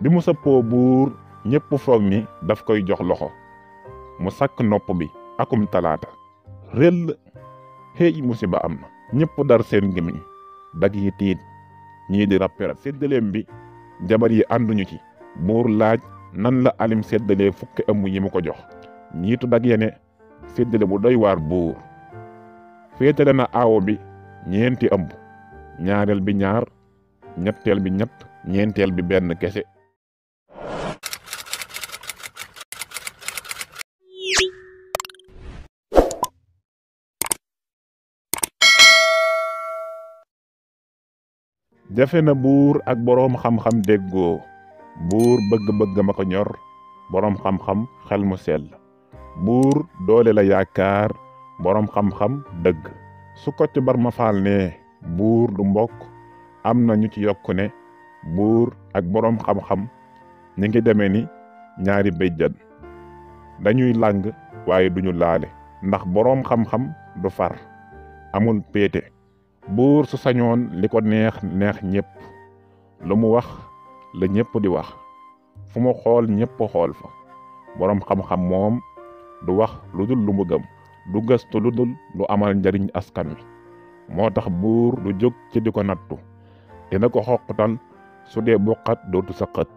bi mu sëppoo buur ñépp foog ni daf koy jox loxo mu sakk nopp bi akum talaata réll xëy ba am na ñëpp dar seen gémmiñ dag yi tiit ñii di rapperat séddaleem bi jabar yi ànduñu ci buur laaj nan la alim séddalee fukki ëmb yi mu ko jox ñiitu dag yene séddale bu doy waar buur féetale na aawo bi ñeenti ëmb ñaareel bi ñaar ñetteel bi ñett ñeenteel bi benn kese jafe na buur ak boroom xam-xam déggoo buur bëgg-bëgg ma ko ñor boroom xam-xam xel mu sell buur doole la yaakaar boroom xam-xam dëgg su Kocc Barma Faal ne buur du mbokk am na ñu ci yokk ne buur ak boroom xam-xam ñi ngi demee ni ñaari béjjan dañuy lang waaye duñu laale ndax boroom xam-xam du far amul péete buur su sañoon li ko neex neex ñëpp lu mu wax la ñëpp di wax fu mu xool ñëpp xool fa boroom xam-xam moom du wax lu dul lu mu gëm du gëstu lu dul lu amal njariñ askan wi moo tax buur du jóg ci di ko nattu dina ko xoqtal su dee buqat dootu sa xët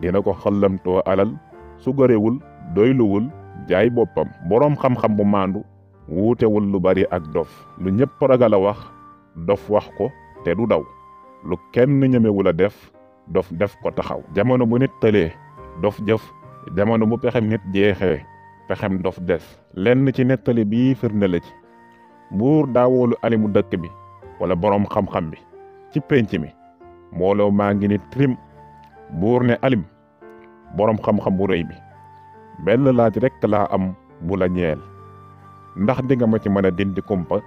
dina ko xëllamtoo alal su gërewul doyluwul jaay boppam boroom xam-xam bu maandu wuutewul lu bari ak dof lu ñëpp ragal a wax dof wax ko te du daw lu kenn ñemewul a def dof def ko taxaw jamono bu nit tëlee dof jëf jamono bu pexem nit jeexee pexem dof des lenn ci nettali bii firnde ci buur daawoolu alimu dëkk bi wala boroom xam-xam bi ci pénc mi mbooloo maa ngi ni trim buur ne alim boroom xam-xam bu rëy bi benn laaj rekk laa am bu la ñeel ndax di nga ma ci mën a dindi kumpa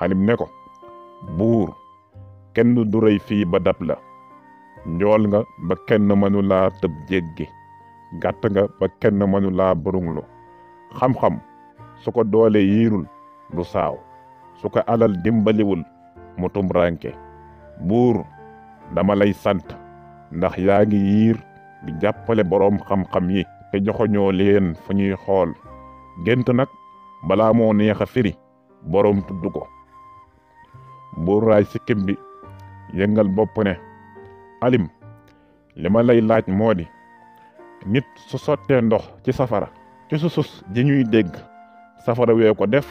alim ne ko buur kenn du rëy fii ba dab la njool nga ba kenn mënu laa tëb jéggi gàtt nga ba kenn mënu laa barunglu xam-xam su ko doole yiirul du saaw su ko alal dimbaliwul mu tumranke buur dama lay sant ndax yaa ngi yiir di jàppale boroom xam-xam yi te joxoñoo leen fu ñuy xool gént nag balaa moo neex a firi boroom tudd ko mu raay sikkim bi yëngal bopp alim li lay laaj moo di nit su sottee ndox ci safara ci susus ji ñuy dégg safara wee ko def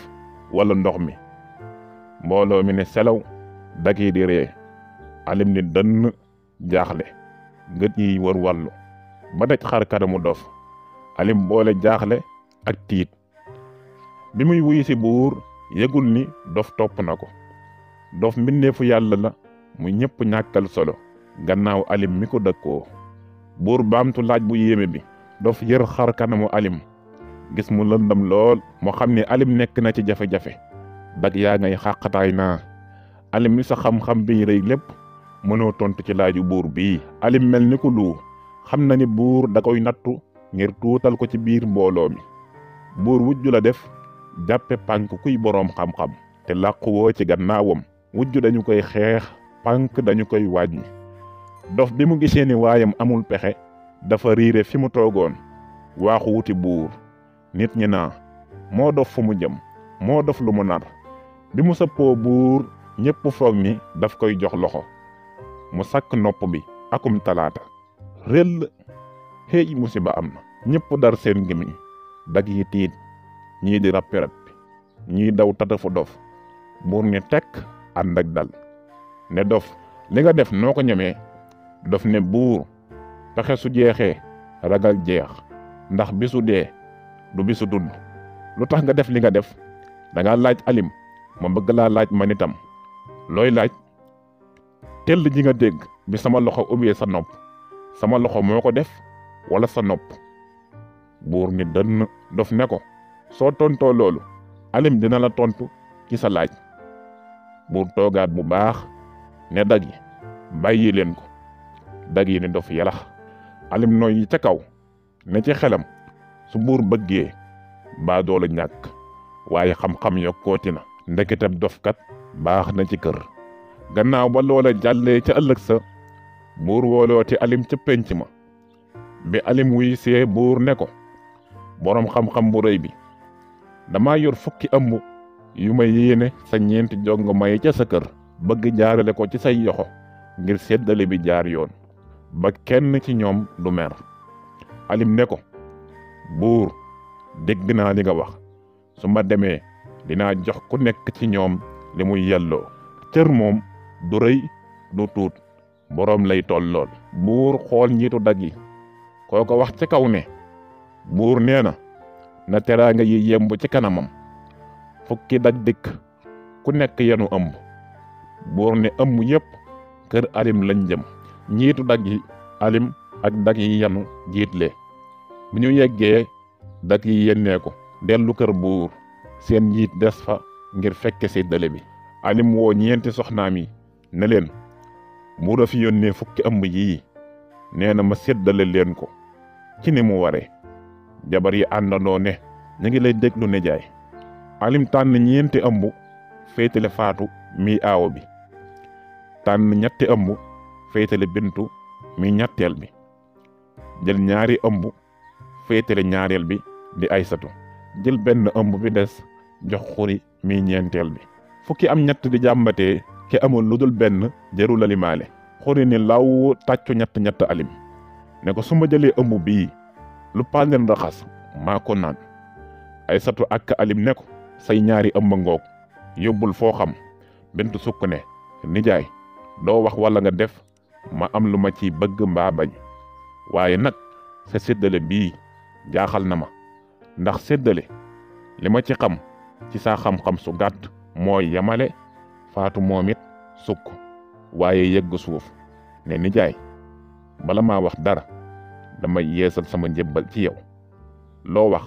wala ndox mi mbooloo mi ne selaw dag yi di ree alim ni dënn jaaxle gët yi war wàllu ba daj xar kanamu dof alim boole jaaxle ak tiit bi muy wuy buur yëgul ni dof topp na ko dof mbindeefu yàlla la mu ñëpp ñàkkal solo gannaaw alim mi ko dëkkoo buur tu laaj bu yéeme bi dof yër xar kanamu alim gis mu lëndam lool moo xam ne alim nekk na ci jafe-jafe dag yaa ngay xàqataay naa alim mi sa xam-xam bi rëy lépp mënoo tontu ci laaju buur bii alim mel ni ku lu xam na ni buur da nattu ngir tuutal ko ci biir mbooloo mi buur wujju la def jàppe pànk kuy boroom xam-xam te làquwoo ci gannaawam wujj dañu koy xeex pànk dañu koy wàññi dof bi mu gisee ni waayam amul pexe dafa riire fi mu toogoon waaxu wuti buur nit ñi naa moo dof fu mu jëm moo dof lu mu nar bi mu sëppoo buur ñépp foog ni daf koy jox loxo mu sakk nopp bi akum talaata réll xéej musiba am na ñépp dar seen gémmiñ dag yi tiit ñii di rappi rappi ñii daw tatafu dof buur ni tekk ànd dal ne dof li nga def noo ko ñemee dof ne buur pexe su jeexee ragal jeex ndax bisu dee du bisu tudd lu tax nga def li nga def da nga laaj alim ma bëgg laa laaj man itam looy laaj tell ji nga dégg bi sama loxo ubbee sa nopp sama loxo moo ko def wala sa nopp buur ni dënn dof ne ko soo tontoo loolu alim dina la tontu ci sa laaj buur toogaat bu baax ne dag yi bàyyi leen ko dag yi ne dof yalax alim nooy yi ca kaw ne ci xelam su buur bëggee baa doole ñàkk waaye xam-xam yokkooti na ndeketam dofkat baax na ci kër gannaaw ba loola jàllee ca ëllëg sa buur woolooti alim ca pénc ma bi alim wuy see buur ne ko boroom xam-xam bu rëy bi dama yor fukki ëmb yu may yéene sa ñeenti jongoma yi ca sa kër bëgg jaarale ko ci say yoxo ngir seddale bi jaar yoon ba kenn ci ñoom du mer alim ne ko buur dégg naa li nga wax su ma demee dinaa jox ku nekk ci ñoom li muy yelloo cër moom du rëy du tuut boroom lay tollool buur xool njiitu dag yi koo ko wax ca kaw ne buur nee na na teraanga yi yemb ci kanamam fukki dag dikk ku nekk yenu ëmb boor ne ëmb yëpp kër alim lañ jëm ñiitu dag yi alim ak dag yi yenu jiitlee bu ñu yeggee dag yi nee ko dellu kër buur seen njiit des fa ngir fekke séddale bi alim woo ñeenti soxnaam yi ne leen buur fi yónnee fukki ëmb yii nee na ma séddale leen ko ci ni mu waree jabar yi àndandoo ne ñu ngi lay déglu ne alim tànn ñeenti ëmbu féetale faatu mi aawo bi tànn ñetti ëmbu féetale bintu mi ñetteel bi jël ñaari ëmb féetale ñaareel bi di aysatu jël benn ëmb bi des jox xuri mi ñeenteel bi fukki am ñett di jàmbatee ke amul lu jël benn jëru lalimaale xuri ni law tàccu ñett ñett alim ne ko su ma jëlee ëmb bii lu panden raxas maa ko naan aysatu ak alim ne ko say ñaari ëmb ngoog yóbbul foo xam bint sukk ne nijaay doo wax walla nga def ma am lu ma ci bëgg mbaa bañ waaye nag sa séddale bii jaaxal na ma ndax séddale li ma ci xam ci saa xam-xam su gàtt yamale faatu moom it sukk waaye yëgg suuf ne nijaay bala maa wax dara damay yeesal sama njëbbal ci yow loo wax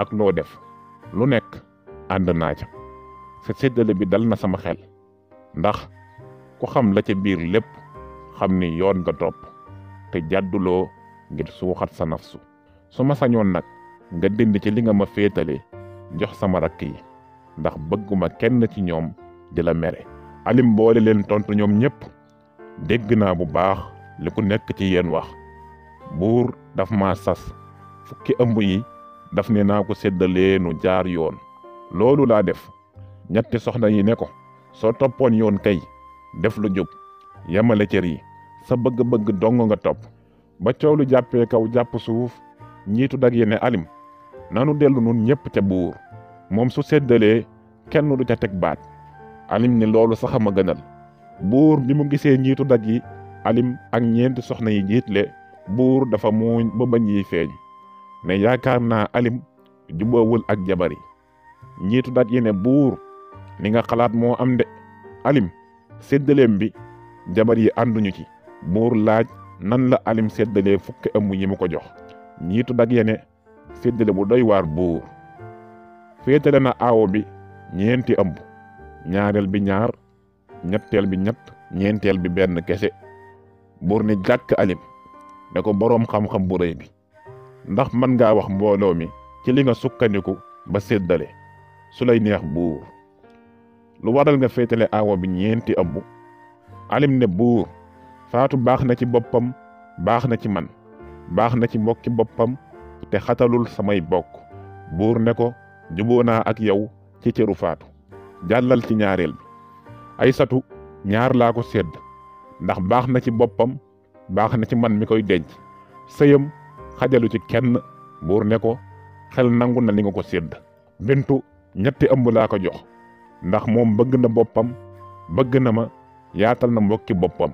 ak loo def lu nekk ànd naa ca sa séddale bi dal na sama xel ndax ku xam la ca biir lépp xam ni yoon nga topp te jàdduloo ngir suuxat sa nafsu su ma sañoon nag nga dind ci li nga ma féetale jox sama rakk yi ndax bëgguma kenn ci ñoom di la mere alim boole leen tontu ñoom ñépp dégg naa bu baax li ku nekk ci yéen wax buur daf ma sas fukki ëmb yi daf ne naa ko séddalee nu jaar yoon loolu laa def ñett soxna yi ne ko soo toppoon yoon kay def lu jub yemale cër yi sa bëgg-bëgg dong nga topp ba coow lu jàppee kaw jàpp suuf njiitu dag yi ne alim nanu dellu nun ñëpp ca buur moom su seddalee kenn du ca teg baat alim ni loolu sax ma gënal buur bi mu gisee njiitu dag yi alim ak ñeent soxna yi jiitle buur dafa muuñ ba bañ yi feeñ ne yaakaar naa alim juboowul ak jabar yi njiitu dat yi buur li nga xalaat moo am de alim séddaleem bi jabar yi ànduñu ci buur laaj nan la alim séddalee fukki ëmb yi mu ko jox njiitu dat yene séddale bu doy waar buur féetale na aawo bi ñeenti ëmb ñaareel bi ñaar ñetteel bi ñett ñeenteel bi benn kese buur ni jàkk alim ne ko boroom xam-xam bu rëy bi ndax mën ngaa wax mbooloo mi ci li nga sukkandiku ba séddale su neex buur lu waral nga féetale awa bi ñeenti ëmb alim ne buur faatu baax na ci boppam baax na ci man baax na ci bokk ci boppam te xatalul samay bokk buur ne ko juboo naa ak yow ci cëru faatu jàllal ci ñaareel ay satu ñaar laa ko sedd ndax baax na ci boppam baax na ci man mi koy denc sëyam xajalu ci kenn buur ne ko xel nangu na li ko sédd bintu ñetti ëmb laa ko jox ndax moom bëgg na boppam bëgg na ma yaatal na mbokki boppam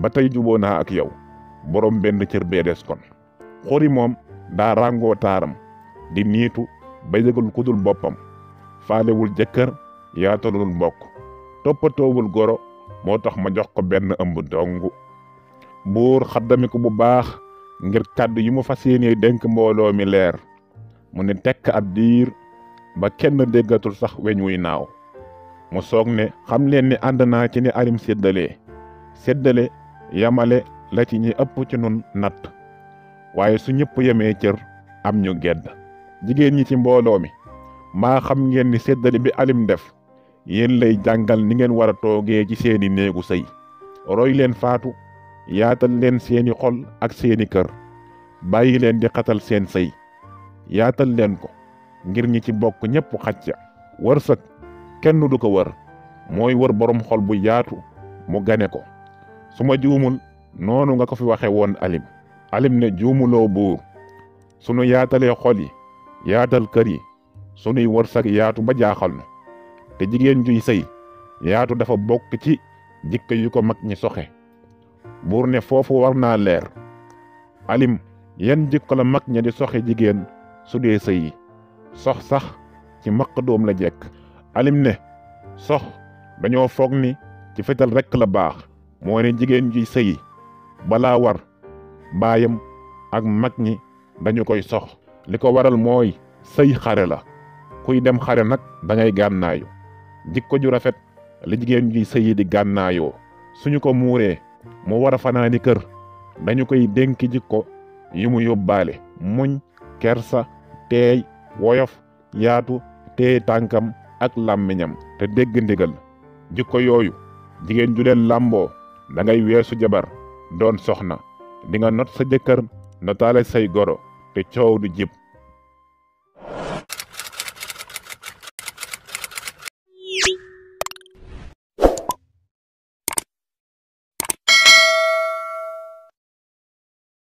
ba tey juboo naa ak yow borom benn cër bee des kon xori moom daa ràngoo taaram di niitu ba yëgul kudul boppam faalewul jëkkër yaatalul mbokk toppatoowul goro moo tax ma jox ko benn ëmb dongu buur xaddami ko bu baax ngir kàddu yi mu fas yéenee dénk mbooloo mi leer mu ne tekk ab diir ba kenn déggatul sax weñ wuy naaw mu soog ne xam leen ni ànd naa ci ni arim séddalee séddale yamale la ci ñi ëpp ci nun natt waaye su ñëpp yemee cër am ñu gedd jigéen ñi ci mbooloo mi maa xam ngeen ni séddale bi alim def yéen lay jàngal ni ngeen war a toogee ci seeni néegu sëy roy leen faatu yaatal leen seeni xol ak seeni kër bàyyi leen di xatal seen sëy yaatal leen ko ngir ñi ci bokk ñëpp xacca wërsëg kenn du ko wër mooy wër borom xol bu yaatu mu gane ko su ma juumul noonu nga ko fi waxe woon alim alim ne juumuloo buur sunu yaatalee xol yi yaatal kër yi sunuy wërsëg yaatu ba jaaxal na te jigéen juy sëy yaatu dafa bokk ci jikko yi ko mag ñi soxe buur ne foofu war naa leer alim yan jikko la mag ña di soxe jigéen su dee sëy yi sox sax ci maq doom la jekk alim ne sox dañoo foog ni ci fetal rekk la baax moo ne jigéen ji sëyi balaa war baayam ak mag ñi dañu koy sox li ko waral mooy sëy xare la kuy dem xare nag da ngay gànnaayu jikko ju rafet li jigéen ji sëyi di gànnaayoo suñu ko muuree mu war a fanaani kër dañu koy dénki jikko yu mu yóbbaale muñ kersa teey woyof yaatu téye tànkam ak làmmiñam te dégg ndigal jikko yooyu jigéen ju leen làmboo da ngay weesu jabar doon soxna na dinga not sa jëkkër notaale say goro te coow du jib